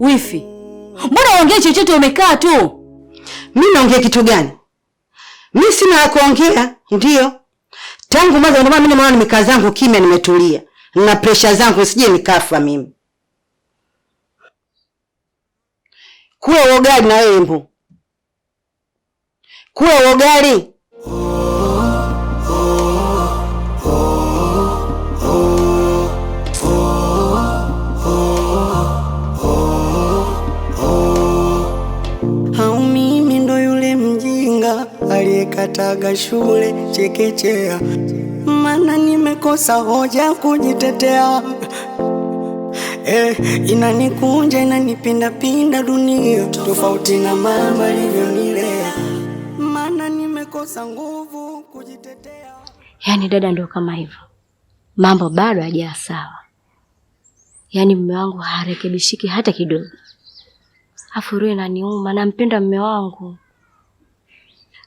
Wifi, mbona uongee chochote? Umekaa tu. Mi naongea kitu gani? Mi sina la kuongea. Ndio tangu mwanzo, ndio maana mimi nimeona nimekaa zangu kimya, nimetulia na presha zangu, sije nikafa mimi. Kuwa ugali na wewe mbu, ugali kataga shule chekechea, mana nimekosa hoja kujitetea. Eh, inanikunja inanipindapinda dunia, tofauti na mama alivyonilea, mana nimekosa nguvu kujitetea. Yaani dada, ndio kama hivyo, mambo bado hajaa sawa. Yaani mume wangu harekebishiki hata kidogo, afu roho inaniuma, nampenda mume wangu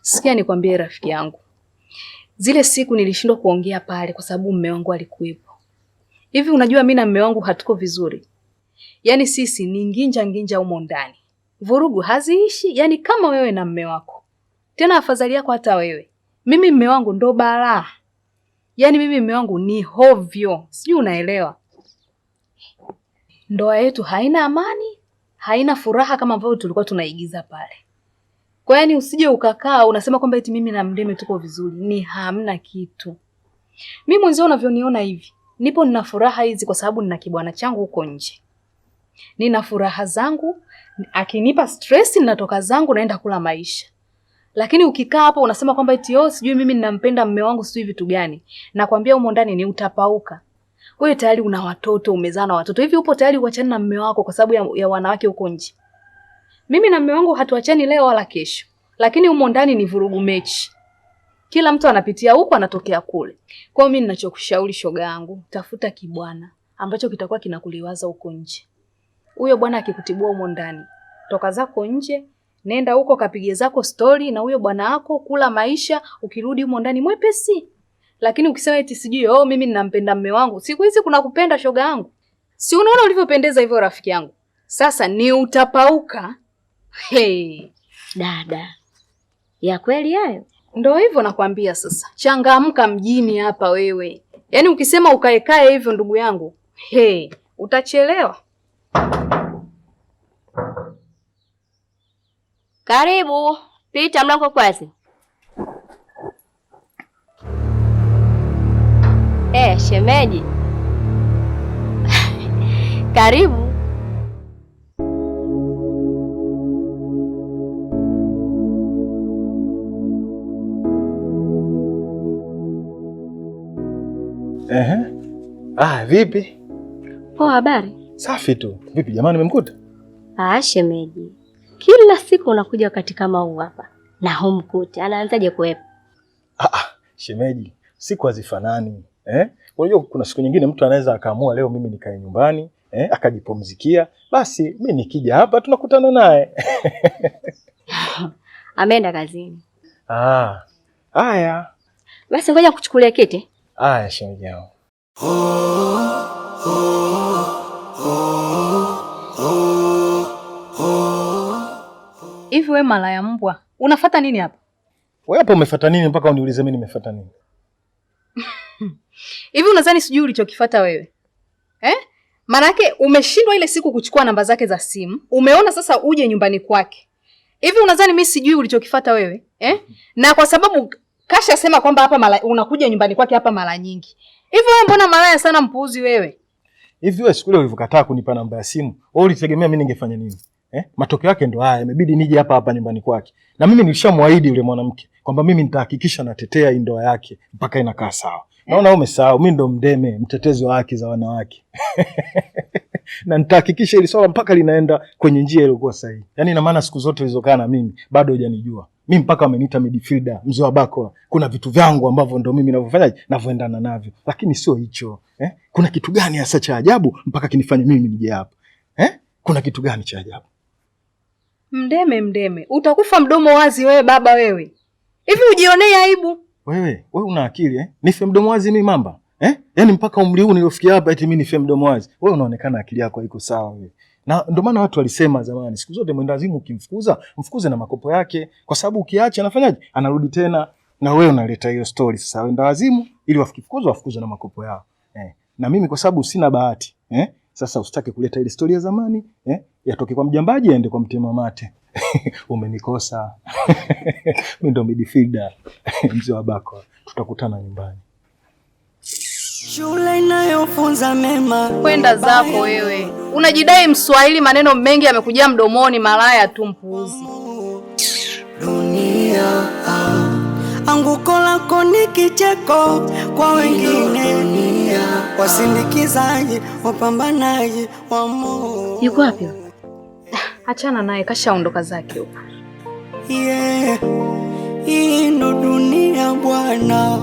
Sikia nikwambie rafiki yangu, zile siku nilishindwa kuongea pale kwa sababu mume wangu alikuwepo. Hivi unajua mimi na mume wangu hatuko vizuri, yaani sisi ni nginja nginja humo ndani, vurugu haziishi, yaani kama wewe na mume wako. Tena afadhali yako hata wewe, mimi mume wangu ndo balaa, yaani mimi mume wangu ni hovyo, sijui unaelewa. Ndoa yetu haina amani, haina furaha kama ambavyo tulikuwa tunaigiza pale. Kwa yaani usije ukakaa unasema kwamba eti mimi na Mdeme tuko vizuri, ni hamna kitu. Mimi mwenzio unavyoniona hivi, nipo nina furaha hizi kwa sababu nina kibwana changu huko nje. Nina furaha zangu, akinipa stress ninatoka zangu naenda kula maisha. Lakini ukikaa hapo unasema kwamba eti yo oh, sijui mimi ninampenda mme wangu sijui vitu gani. Nakwambia humo ndani ni utapauka. Wewe tayari una watoto, umezaa na watoto. Hivi upo tayari uachane na mme wako kwa sababu ya, ya wanawake huko nje? Mimi na mume wangu hatuachani leo wala kesho, lakini humo ndani ni vurugu mechi, kila mtu anapitia huko anatokea kule. Kwa hiyo mimi ninachokushauri shoga yangu, tafuta kibwana ambacho kitakuwa kinakuliwaza huko nje. Huyo bwana akikutibua humo ndani, toka zako nje, nenda huko kapige zako stori na huyo bwana wako, kula maisha, ukirudi humo ndani mwepesi. Lakini ukisema eti sijui oh, mimi ninampenda mume wangu, siku hizi kuna kupenda shoga yangu, si unaona ulivyopendeza hivyo rafiki yangu, sasa ni utapauka Hey, dada, ya kweli hayo? Ndo hivyo nakwambia. Sasa changamka mjini hapa wewe, yaani ukisema ukaekae hivyo ndugu yangu, hey, utachelewa. Karibu, pita mlango kwazi. Eh, shemeji karibu. Ehe. Ah, vipi? Poa, habari? Safi tu. Vipi jamani, umemkuta? Ah, shemeji, kila siku unakuja wakati kama huu hapa na humkuti, anaanzaje kuwepo? Ah, ah, shemeji, siku hazifanani eh? Unajua kuna siku nyingine mtu anaweza akaamua leo mimi nikae nyumbani eh, akajipumzikia. Basi mi nikija hapa tunakutana naye ameenda kazini. Ah, haya basi, ngoja kuchukulia kiti Aya, shemeji yangu. Hivi we mara ya mbwa unafata nini hapa? Wewe hapo umefata nini mpaka uniulize mimi nimefata nini? Hivi unazani sijui ulichokifata wewe eh? Maanake umeshindwa ile siku kuchukua namba zake za simu, umeona sasa uje nyumbani kwake. Hivi unazani mi sijui ulichokifata wewe eh? Na kwa sababu Kasha sema kwamba hapa mala, unakuja nyumbani kwake hapa mara nyingi. Hivi wewe mbona malaya sana mpuuzi wewe? Hivi wewe siku ile ulivyokataa kunipa namba ya simu, wewe ulitegemea mimi ningefanya nini? Eh? Matokeo yake ndo haya, imebidi nije hapa hapa nyumbani kwake. Na mimi nilishamwaahidi yule mwanamke kwamba mimi nitahakikisha natetea hii ndoa yake mpaka inakaa sawa. Naona wewe umesahau, mimi ndo mdeme, mtetezi wa haki za wanawake. na nitahakikisha hili swala mpaka linaenda kwenye njia iliyokuwa sahihi. Yaani ina maana siku zote ulizokaa na mimi bado hujanijua mi mpaka wameniita midfielder mzee wa bako, Kuna vitu vyangu ambavyo ndo mimi navyofanyaje navyoendana navyo, lakini sio hicho eh? Kuna kitu gani hasa cha ajabu mpaka kinifanye mimi nije hapa eh? Kuna kitu gani cha ajabu? Mdeme, Mdeme, utakufa mdomo wazi wewe baba wewe, hivi ujionee aibu wewe. Wewe una akili eh? Nife mdomo wazi mimi mamba eh? Yani mpaka umri huu niliofikia hapa eti mimi nife mdomo wazi? Wewe unaonekana akili yako haiko sawa wewe na ndio maana watu walisema zamani, siku zote mwenda mwendazimu ukimfukuza mfukuze na makopo yake, kwa sababu ukiacha anafanyaje? Anarudi tena, na wewe unaleta hiyo story sasa. wenda wazimu ili wafikifukuzwa wafukuzwe na makopo yao eh. Na mimi kwa sababu sina bahati eh, sasa usitake kuleta ile story ya zamani eh, yatoke kwa mjambaji aende kwa mtema mate umenikosa mimi ndo midfielder mzee wa bako, tutakutana nyumbani. Shule inayofunza mema. Kwenda zako wewe, unajidai Mswahili, maneno mengi yamekujia mdomoni, malaya tu, mpuuzi. Dunia ah, anguko lako ni kicheko kwa wengine, ah, wasindikizaji, wapambanaji wa Mungu. Yuko wapi? Achana naye, kashaondoka zake huko. Yeah, hii ndo dunia bwana.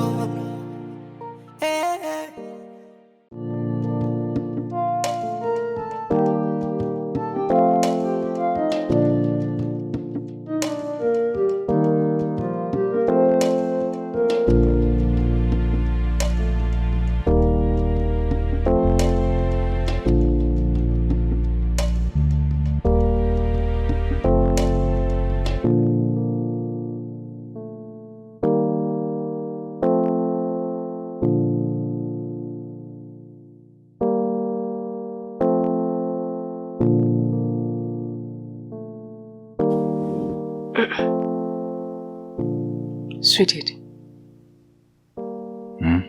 Sweetheart. Hmm?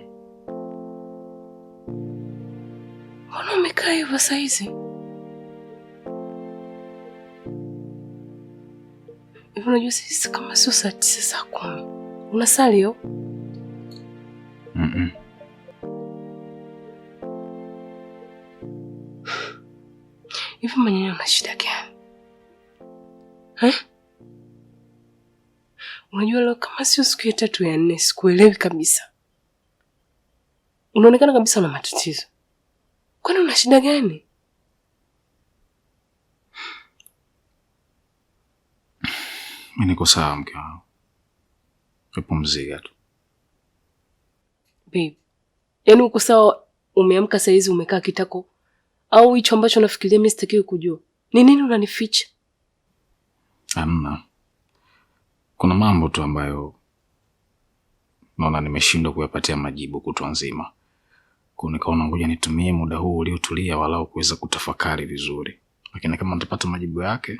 umekaa hivyo saizi? Unajua sisi kama sio saa tisa saa kumi unasali yo? Mm -mm. Hivi manyanya una shida gani? Eh? Unajua leo kama sio siku ya tatu ya nne, sikuelewi kabisa. Unaonekana kabisa una matatizo. Kwani una shida gani? Mimi niko sawa mke wangu. Pumzika tu. Babe, yaani uko sawa? Umeamka saa hizi umekaa kitako, au hicho ambacho unafikiria mimi sitakiwi kujua? Ni nini unanificha? Amna. Kuna mambo tu ambayo naona nimeshindwa kuyapatia majibu kutwa nzima, kwa nikaona ngoja nitumie muda huu uliotulia walau kuweza kutafakari vizuri, lakini kama nitapata majibu yake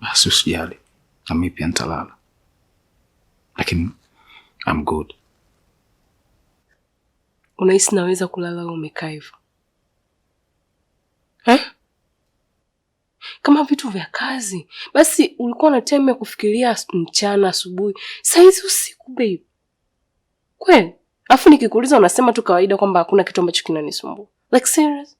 basi usijali, na mimi pia nitalala, lakini I'm good. Unahisi naweza kulala umekaa hivyo eh? kama vitu vya kazi. Basi ulikuwa na time ya kufikiria mchana, asubuhi, saizi usiku babe. Kweli? Alafu nikikuuliza unasema tu kawaida kwamba hakuna kitu ambacho kinanisumbua. Like serious?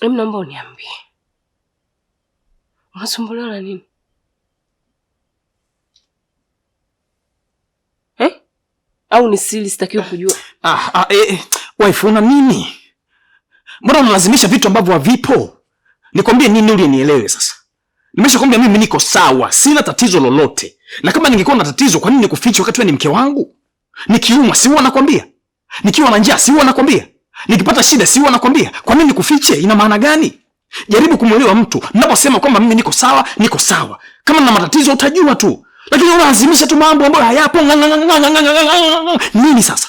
Em, naomba uniambie. Unasumbuliwa na nini? Eh? Au ni siri sitakiwi kujua? Ah, ah, eh, eh waifuna nini? Mbona unalazimisha vitu ambavyo havipo? Nikwambie nini uli nielewe sasa? nimesha Nimeshakwambia mimi niko sawa, sina tatizo lolote. Na kama ningekuwa na tatizo, kwa nini nikufiche wakati wewe ni mke wangu? Nikiumwa si huwa nakwambia. Nikiwa na njaa si huwa nakwambia. Nikipata shida si huwa nakwambia. Kwa nini nikufiche? Ina maana gani? Jaribu kumwelewa mtu. Ninaposema kwamba mimi niko sawa, niko sawa. Kama na matatizo utajua tu. Lakini unalazimisha tu mambo ambayo hayapo. Nini sasa?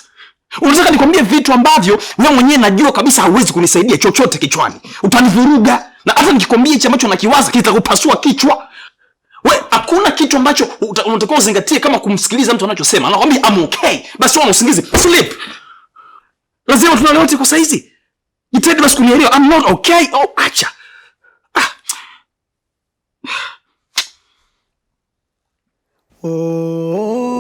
Unataka nikwambie vitu ambavyo wewe mwenyewe najua kabisa hauwezi kunisaidia chochote kichwani. Utanivuruga na hata nikikwambia hichi ambacho nakiwaza kitakupasua kichwa. We, hakuna kitu ambacho unatakiwa uzingatie kama kumsikiliza mtu anachosema. Anakwambia I'm okay. Basi wana usingizi. Sleep. Lazima tunalewa kwa saizi. Jitahidi basi kunielewa. am not okay. Oh, acha. Ah. Oh. oh, oh.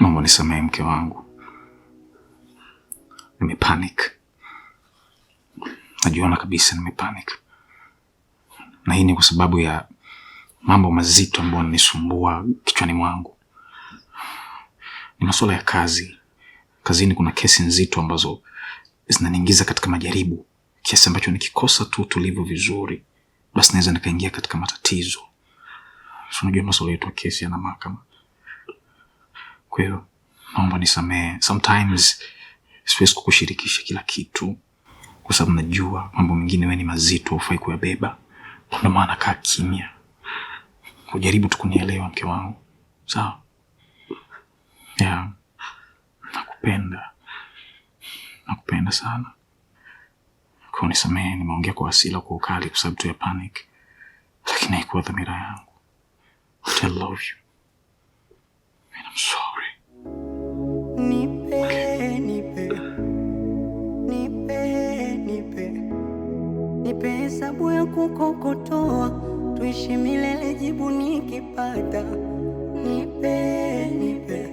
Mambo, nisamehe mke wangu, nimepanic. Najiona kabisa nimepanic, na hii ni kwa sababu ya mambo mazito ambayo yananisumbua kichwani mwangu. Ni masuala ya kazi. Kazini kuna kesi nzito ambazo zinaniingiza katika majaribu kiasi ambacho nikikosa tu tulivu vizuri, basi naweza nikaingia katika matatizo. Unajua masuala yetu ya kesi yana mahakama kwa hiyo naomba nisamehe, sometimes siwezi kukushirikisha kila kitu, kwa sababu najua mambo mengine wewe ni mazito, ufai kuyabeba. Ndio maana kaa kimya, kujaribu tu kunielewa mke wangu, sawa? Yeah. Nakupenda, nakupenda sana. Kwa nisamehe, nimeongea kwa hasira, kwa ukali, kwa sababu tu ya panic, lakini haikuwa dhamira yangu. I love you. I'm sorry. hesabu ya kukokotoa, tuishi milele, jibu nikipata. Nipe, nipe,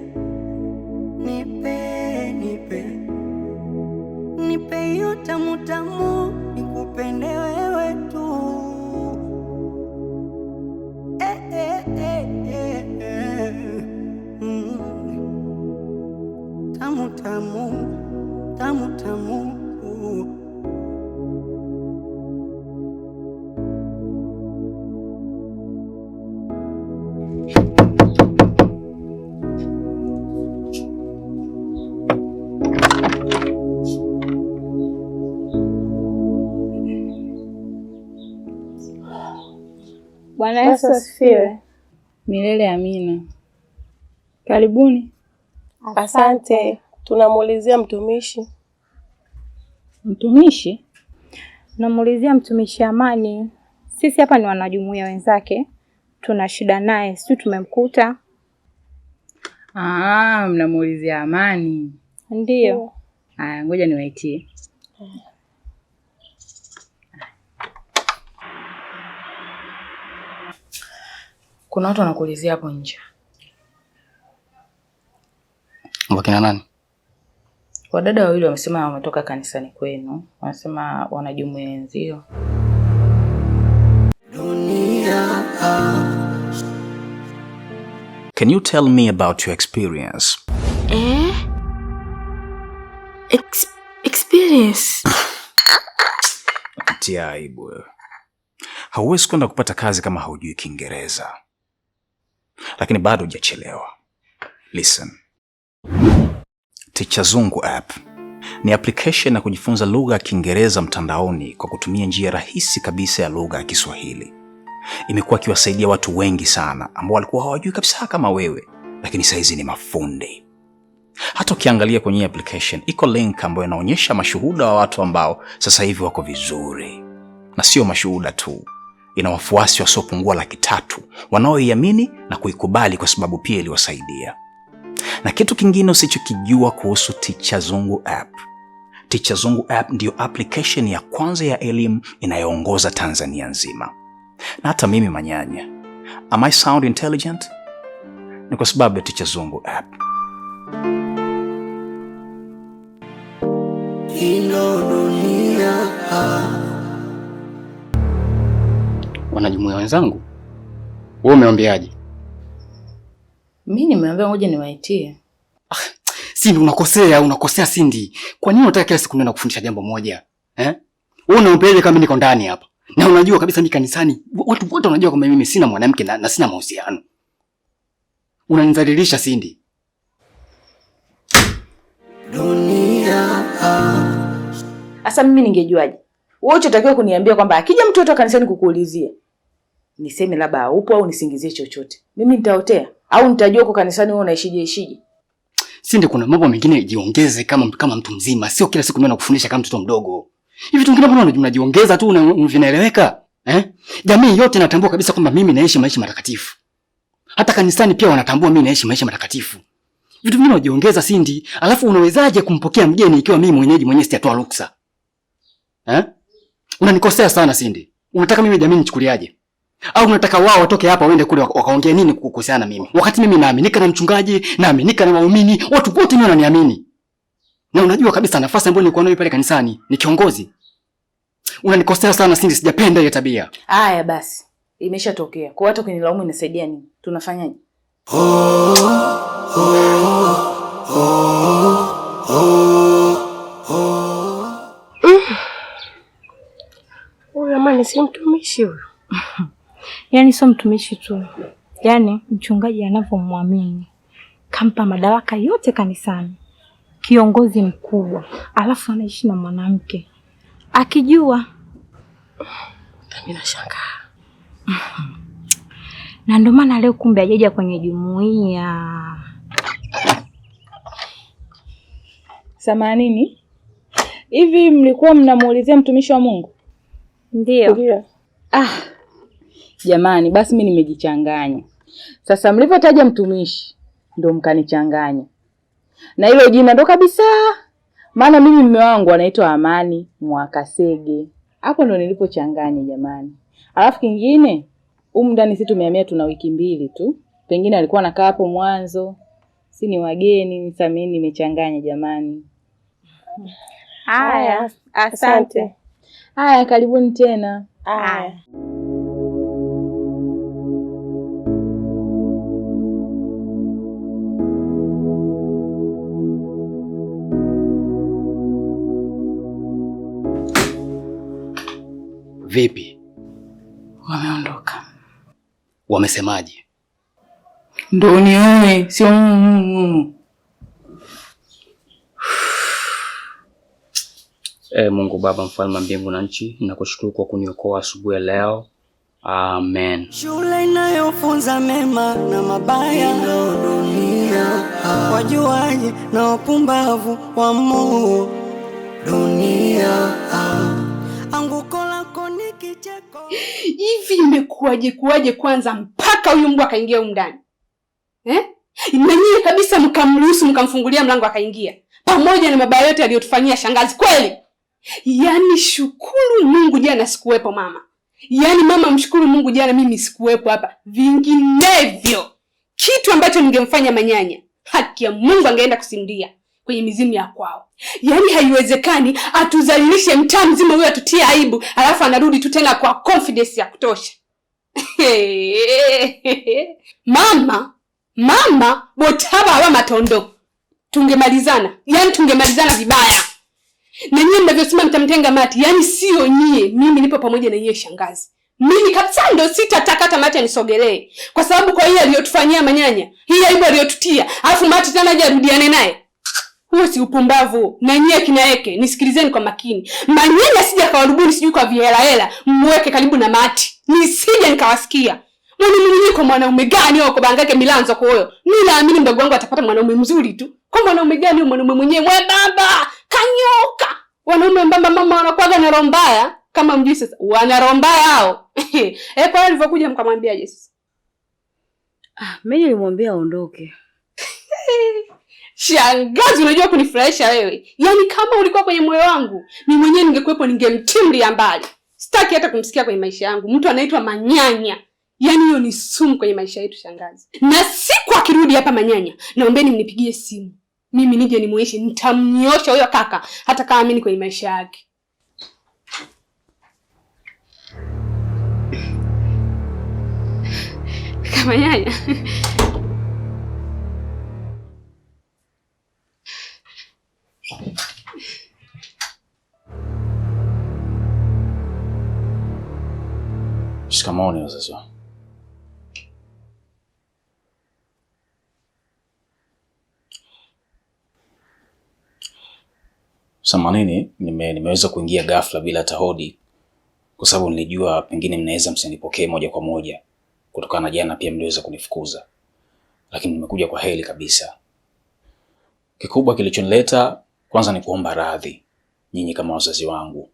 nipe, nipe, nipe hiyo tamutamu nikupende wewe tu eh, eh, eh, eh, eh. Mm. Tamu tamu tamu tamu Bwana Yesu asifiwe. Milele amina. Karibuni. Asante. Tunamuulizia mtumishi. Mtumishi? Namuulizia mtumishi Amani. Sisi hapa ni wanajumuiya wenzake, tuna shida naye, sisi tumemkuta. Ah, mnamuulizia Amani? ndio Haya, ngoja niwaitie. Kuna watu wanakuulizia hapo nje. Wakina nani? Wadada wawili wamesema wametoka kanisani kwenu, wanasema wanajumuia wenzio. Can you tell me about your experience? Eh? Ex experience? Tia aibu. Hauwezi kwenda kupata kazi kama haujui Kiingereza lakini bado hujachelewa. Listen. Ticha Zungu app ni application ya kujifunza lugha ya Kiingereza mtandaoni kwa kutumia njia rahisi kabisa ya lugha ya Kiswahili. Imekuwa ikiwasaidia watu wengi sana ambao walikuwa hawajui kabisa kama wewe, lakini saizi ni mafundi. Hata ukiangalia kwenye application iko link ambayo inaonyesha mashuhuda wa watu ambao sasa hivi wako vizuri, na sio mashuhuda tu, ina wafuasi wasiopungua laki tatu wanaoiamini na kuikubali kwa sababu pia iliwasaidia. Na kitu kingine usichokijua kuhusu Ticha Zungu app. Ticha Zungu app ndiyo application ya kwanza ya elimu inayoongoza Tanzania nzima. Na hata mimi manyanya, am I sound intelligent? Ni kwa sababu ya Ticha Zungu app. dunia wanajumuia wenzangu. Wewe umeambiaje? Mimi nimeambia ngoja niwaitie. Ah, Sindi unakosea, unakosea Sindi. Kwa nini unataka kila siku nenda kufundisha jambo moja? Eh? Wewe unampelele kama niko ndani hapa. Na unajua kabisa mimi kanisani watu wote wanajua kwamba mimi sina mwanamke na, na sina mahusiano. Unanidhalilisha Sindi. Dunia. Asa mimi ningejuaje? Wewe unachotakiwa kuniambia kwamba akija mtu wote kanisani kukuulizia niseme labda haupo au nisingizie chochote, mimi nitaotea au nitajua kwa kanisani wewe unaishije ishije? Si ndio? Kuna mambo mengine yajiongeze kama kama mtu mzima, sio kila siku mimi nakufundisha kama mtoto mdogo. Hivi vitu vingine mbona unajiongeza tu na vinaeleweka? Eh? Jamii yote inatambua kabisa kwamba mimi naishi maisha matakatifu. Hata kanisani pia wanatambua mimi naishi maisha matakatifu. Vitu vingine unajiongeza sindi, alafu unawezaje kumpokea mgeni ikiwa mimi mwenyeji mwenyewe sijatoa ruksa? Eh? Unanikosea sana sindi. Unataka mimi jamii nichukuliaje? au unataka wao watoke hapa waende kule wakaongea nini kuhusiana na mimi, wakati mimi naaminika na mchungaji, naaminika na waumini, watu wote ni wananiamini, na unajua kabisa nafasi ambayo nilikuwa nayo pale kanisani ni kiongozi. Unanikosea sana Cindy, sijapenda hiyo tabia. Haya basi, imeshatokea kwa watu kwenye laumu inasaidia nini? Tunafanyaje? oh, oh, oh, oh, oh. Huyu amani si mtumishi huyu yani sio mtumishi tu, yani mchungaji anavyomwamini kampa madaraka yote kanisani, kiongozi mkubwa, alafu anaishi na mwanamke akijua. Mimi nashangaa na ndio maana leo kumbe ajaja kwenye jumuiya. Samanini hivi, mlikuwa mnamuulizia mtumishi wa Mungu? Ndio. Ah. Jamani, basi mi nimejichanganya sasa. Mlivyotaja mtumishi ndo mkanichanganya na hilo jina ndo kabisa, maana mimi mume wangu anaitwa Amani Mwakasege. Hapo ndo nilipochanganya jamani. Alafu kingine humu ndani si tumehamia, tuna wiki mbili tu, pengine alikuwa anakaa hapo mwanzo, si ni wageni. Sasa nimechanganya jamani. Haya, asante. Haya, karibuni tena. Haya. Vipi, wameondoka? Wamesemaje? Ndo niume sio? E, Mungu Baba, mfalme wa mbingu na nchi, nakushukuru kwa kuniokoa asubuhi ya leo. Amen. Shule inayofunza mema na mabaya dunia. Wajuaji na wapumbavu wa dunia hivi imekuwaje kuwaje kwanza mpaka huyu mbwa akaingia huko ndani eh? na nyinyi kabisa mkamruhusu mkamfungulia mlango akaingia, pamoja na mabaya yote aliyotufanyia shangazi. Kweli yaani, shukuru Mungu jana sikuwepo mama. Yaani mama, mshukuru Mungu jana mimi sikuwepo hapa, vinginevyo kitu ambacho ningemfanya manyanya, haki ya Mungu angeenda kusindia kwenye mizimu ya kwao. Yaani haiwezekani atuzalilishe mtaa mzima huyo atutie aibu, alafu anarudi tu tena kwa confidence ya kutosha. Mama, mama botaba wa matondo, tungemalizana yaani, tungemalizana vibaya na nyinyi mnavyosema mtamtenga mati, yaani sio nyie, mimi nipo pamoja na yeye shangazi. Mimi kabisa ndo sitataka hata Mati anisogelee, kwa sababu kwa hiyo aliyotufanyia manyanya, hii aibu aliyotutia, alafu Mati tena aje arudiane naye. Huo si upumbavu na nyie kina Eke, nisikilizeni kwa makini. Manyinyi asije akawarubuni sijui kwa vihela hela, mweke karibu na mati. Nisije nikawasikia. Mimi mimi kwa mwanaume gani huko bangake milanzo kwa huyo? Mimi naamini mdogo wangu atapata mwanaume mzuri tu. Kwa mwanaume gani huyo mwanaume mwenyewe baba? kanyoka. Wanaume mbamba mama wanakuwa na roho mbaya kama mjui sasa. Wana roho mbaya hao. Eh, kwa hiyo alivyokuja mkamwambia Yesu. Ah, mimi nilimwambia aondoke. Shangazi, unajua kunifurahisha wewe. Yaani kama ulikuwa kwenye moyo wangu, mimi mwenyewe ningekuwepo, ningemtimlia mbali. Sitaki hata kumsikia kwenye maisha yangu. Mtu anaitwa Manyanya. Yaani hiyo ni sumu kwenye maisha yetu shangazi. Na siku akirudi hapa Manyanya, naombeni mnipigie simu. Mimi nije nimuishi, nitamnyosha huyo kaka hata kama mimi kwenye maisha yake. Kama Manyanya. Shikamoo wazazi wangu. Samanini, nime, nimeweza kuingia ghafla bila hata hodi, kwa sababu nilijua pengine mnaweza msinipokee moja kwa moja kutokana na jana pia mliweza kunifukuza, lakini nimekuja kwa heli kabisa. Kikubwa kilichonileta kwanza ni kuomba radhi nyinyi kama wazazi wangu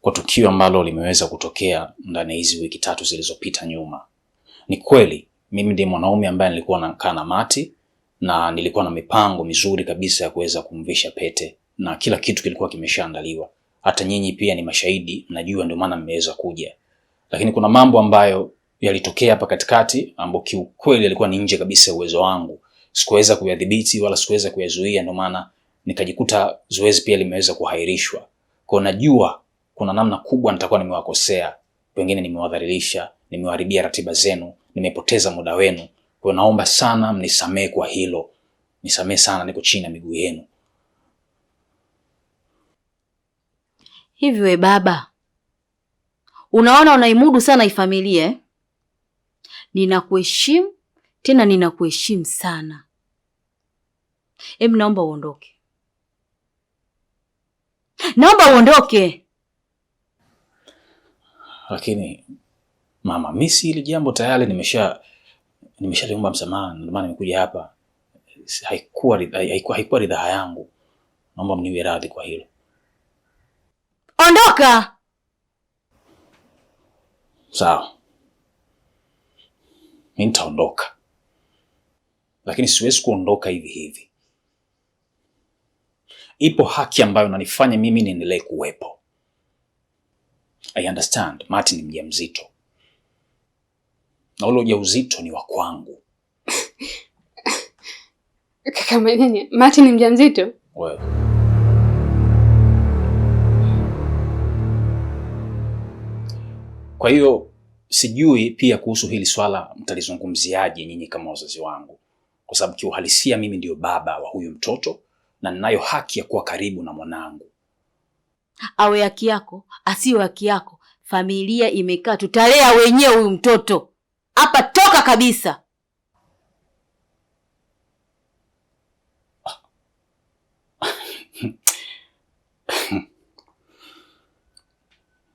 kwa tukio ambalo limeweza kutokea ndani ya hizi wiki tatu zilizopita nyuma. Ni kweli mimi ndiye mwanaume ambaye nilikuwa nakaa na Mati na nilikuwa na mipango mizuri kabisa ya kuweza kumvisha pete na kila kitu kilikuwa kimeshaandaliwa. Hata nyinyi pia ni mashahidi, najua ndio maana mmeweza kuja, lakini kuna mambo ambayo yalitokea hapa katikati ambayo kiukweli yalikuwa ni nje kabisa ya uwezo wangu. Sikuweza kuyadhibiti wala sikuweza kuyazuia, ndio maana nikajikuta zoezi pia limeweza kuhairishwa. Kwa najua kuna namna kubwa nitakuwa nimewakosea, pengine nimewadhalilisha, nimewaharibia ratiba zenu, nimepoteza muda wenu. Kwa naomba sana mnisamee kwa hilo, nisamee sana, niko chini ya miguu yenu. Hivi we baba, unaona unaimudu sana ifamilia eh? Ninakuheshimu tena, ninakuheshimu sana. Hebu naomba uondoke naomba uondoke. Lakini mama, misi si ile jambo tayari nimesha nimeshaliomba msamaha, ndio maana nimekuja hapa. Haikuwa haikuwa haikuwa ridhaa yangu, naomba mniwe radhi kwa hilo. Ondoka. Sawa, mimi nitaondoka, lakini siwezi kuondoka hivi hivi ipo haki ambayo unanifanya mimi niendelee kuwepo. I understand Martin ni mjamzito na ule ujauzito ni wa kwangu. Kaka Manyanya, Martin ni mjamzito? well. kwa hiyo sijui pia kuhusu hili swala mtalizungumziaje nyinyi kama wazazi wangu, kwa sababu kiuhalisia mimi ndio baba wa huyu mtoto na ninayo haki ya kuwa karibu na mwanangu. Awe haki yako, asiwe haki yako, familia imekaa, tutalea wenyewe huyu mtoto hapa. Toka kabisa.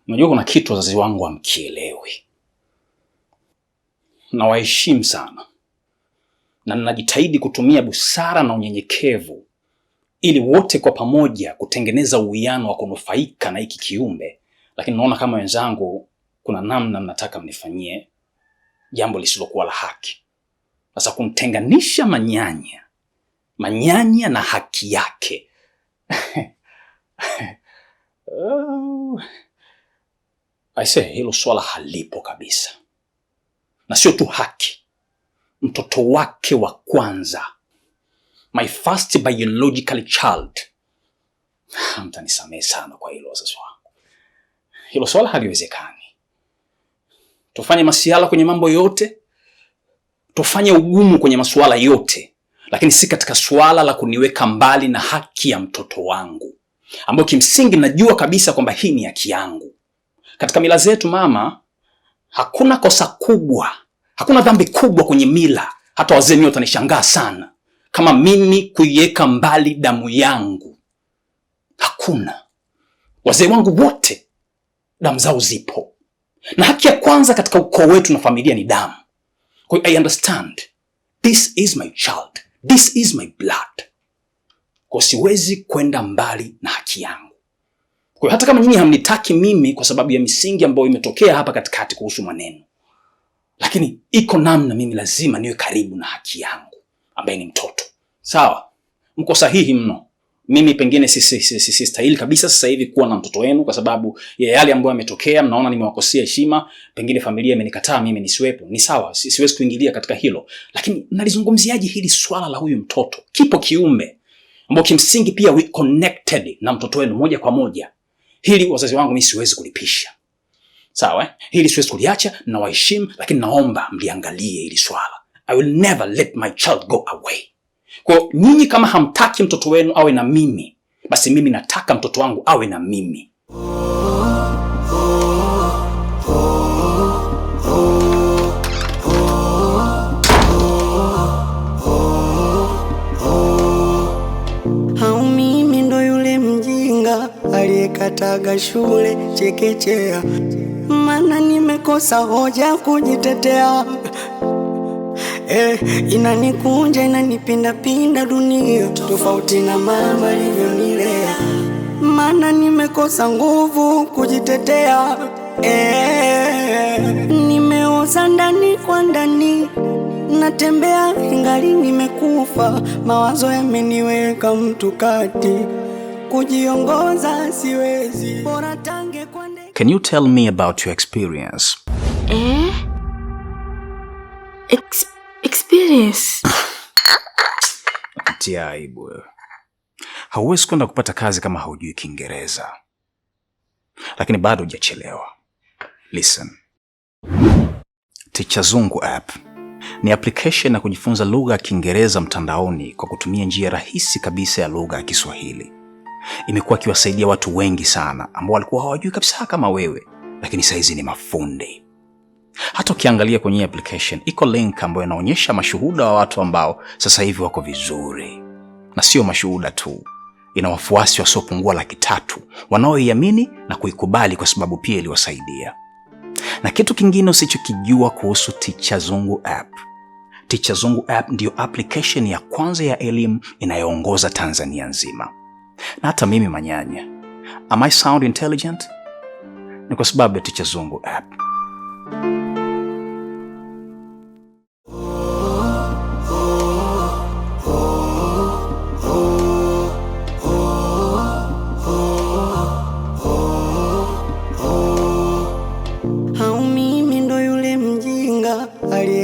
Unajua, kuna kitu wazazi wangu hamkielewi. Nawaheshimu sana na ninajitahidi kutumia busara na unyenyekevu ili wote kwa pamoja kutengeneza uwiano wa kunufaika na hiki kiumbe, lakini naona kama wenzangu, kuna namna mnataka mnifanyie jambo lisilokuwa la haki. Sasa kumtenganisha manyanya manyanya na haki yake oh. say, hilo swala halipo kabisa, na sio tu haki, mtoto wake wa kwanza my first biological child. Ah, mtanisamehe sana kwa hilo wazazi wangu, hilo swala haliwezekani. Tufanye masiala kwenye mambo yote, tufanye ugumu kwenye masuala yote, lakini si katika swala la kuniweka mbali na haki ya mtoto wangu ambayo kimsingi najua kabisa kwamba hii ni haki yangu. Katika mila zetu, mama, hakuna kosa kubwa, hakuna dhambi kubwa kwenye mila. Hata wazee wenyewe watanishangaa sana kama mimi kuiweka mbali damu yangu. Hakuna. Wazee wangu wote damu zao zipo, na haki ya kwanza katika ukoo wetu na familia ni damu. Kwa hiyo I understand this is my child, this is my blood, kwa siwezi kwenda mbali na haki yangu. Kwa hiyo hata kama nyinyi hamnitaki mimi kwa sababu ya misingi ambayo imetokea hapa katikati kuhusu maneno, lakini iko namna, mimi lazima niwe karibu na haki yangu ambaye ni mtoto. Sawa, mko sahihi mno. Mimi pengine sistahili si, si, si, si, kabisa sasa hivi kuwa na mtoto wenu, kwa sababu ya yale ambayo yametokea. Mnaona nimewakosea heshima, pengine familia imenikataa mimi nisiwepo. Ni sawa, si, siwezi kuingilia katika hilo, lakini nalizungumziaje hili swala la huyu mtoto kipo kiume ambao kimsingi pia we connected na mtoto wenu moja kwa moja. Hili wazazi wangu mimi siwezi kulipisha, sawa eh? Hili siwezi kuliacha na waheshimu, lakini naomba mliangalie hili swala. I will never let my child go away. Kwa nyinyi kama hamtaki mtoto wenu awe na mimi, basi mimi nataka mtoto wangu awe na mimi. Aliyekataga shule chekechea, mana nimekosa hoja kujitetea eh, inanikunja inanipindapinda dunia, tofauti na mama alivyonilea, mana nimekosa nguvu kujitetea eh, nimeoza ndani kwa ndani natembea ingali nimekufa, mawazo yameniweka mtu kati, kujiongoza siwezi, bora tange kwa ndege. Can you tell me about your experience? Eh? Experience. Serious? Tia aibu wewe. Hauwezi kwenda kupata kazi kama haujui Kiingereza, lakini bado hujachelewa. Listen. Ticha Zungu app ni application ya kujifunza lugha ya Kiingereza mtandaoni kwa kutumia njia rahisi kabisa ya lugha ya Kiswahili. Imekuwa ikiwasaidia watu wengi sana ambao walikuwa hawajui kabisa kama wewe, lakini saizi ni mafundi. Hata ukiangalia kwenye application iko link ambayo inaonyesha mashuhuda wa watu ambao sasa hivi wako vizuri, na sio mashuhuda tu, ina wafuasi wasiopungua laki tatu wanaoiamini na kuikubali kwa sababu pia iliwasaidia. Na kitu kingine usichokijua kuhusu Ticha Zungu app, Ticha Zungu app ndiyo application ya kwanza ya elimu inayoongoza Tanzania nzima. Na hata mimi manyanya, am I sound intelligent? Ni kwa sababu ya Ticha Zungu app.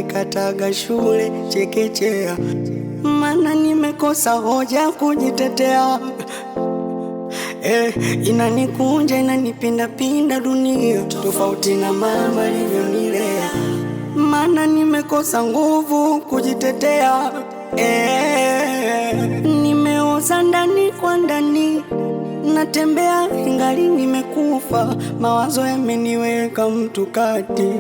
Kataga shule chekechea, mana nimekosa hoja kujitetea eh, inanikunja inanipindapinda dunia, tofauti na mama alivyonilea, maana nimekosa nguvu kujitetea eh, nimeoza ndani kwa ndani natembea ingali nimekufa, mawazo yameniweka mtu kati,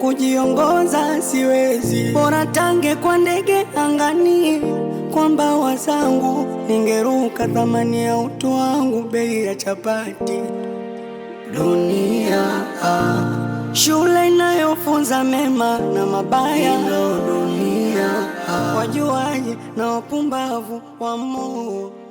kujiongoza siwezi, bora tange kwa ndege angani kwamba wazangu, ningeruka thamani ya utu wangu, bei ya chapati. Dunia ah, shule inayofunza mema na mabaya. Dunia ah. wajuaji na wapumbavu wa moo